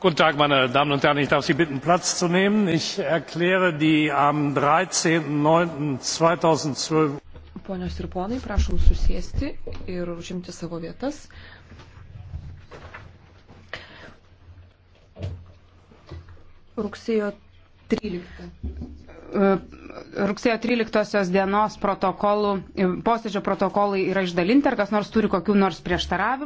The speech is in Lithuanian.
guten tag meine damen und herren! ich darf sie bitten platz zu nehmen. ich erkläre die am. dreizehn. neun zweitausendzwölf ponios ir ponai prašom susėsti ir užimti savo vietas. rugsėjo rugsėjo 13 dienos protokolų, posėdžio protokolai yra išdalinti, ar kas nors turi kokių nors prieštaravimų.